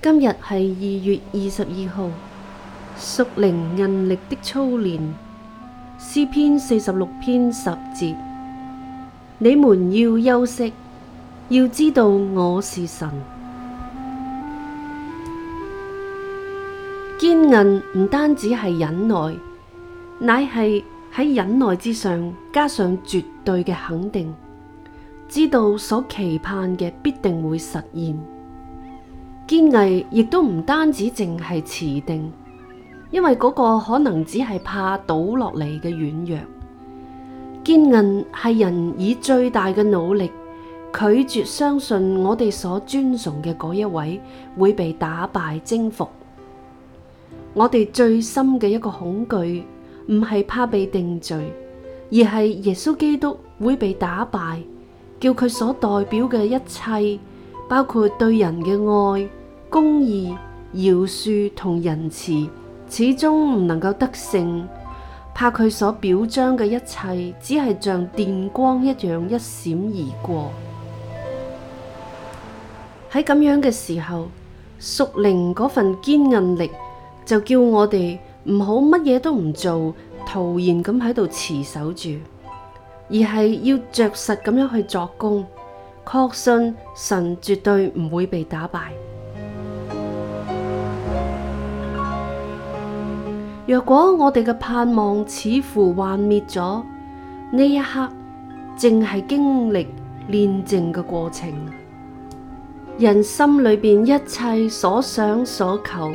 今日係二月二十二號，屬靈韌力的操練，詩篇四十六篇十節，你們要休息，要知道我是神。堅韌唔單止係忍耐，乃係喺忍耐之上加上絕對嘅肯定，知道所期盼嘅必定會實現。堅毅亦都唔單止淨係持定，因為嗰個可能只係怕倒落嚟嘅軟弱。堅毅係人以最大嘅努力，拒絕相信我哋所尊崇嘅嗰一位會被打敗征服。我哋最深嘅一個恐懼，唔係怕被定罪，而係耶穌基督會被打敗，叫佢所代表嘅一切，包括對人嘅愛。公義、饒恕同仁慈始終唔能夠得勝，怕佢所表彰嘅一切只係像電光一樣一閃而過。喺咁樣嘅時候，屬靈嗰份堅韌力就叫我哋唔好乜嘢都唔做，徒然咁喺度持守住，而係要着實咁樣去作功，確信神絕對唔會被打敗。若果我哋嘅盼望似乎幻滅咗，呢一刻正係經歷煉淨嘅過程。人心裏面一切所想所求，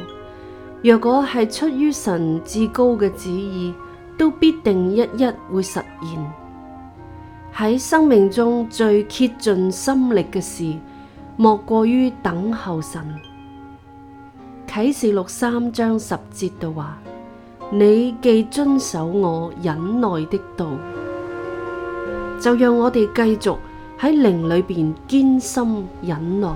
若果係出於神至高嘅旨意，都必定一一會實現。喺生命中最竭盡心力嘅事，莫過於等候神。啟示錄三章十節嘅話。你既遵守我忍耐的道，就讓我哋繼續喺靈裏邊堅心忍耐。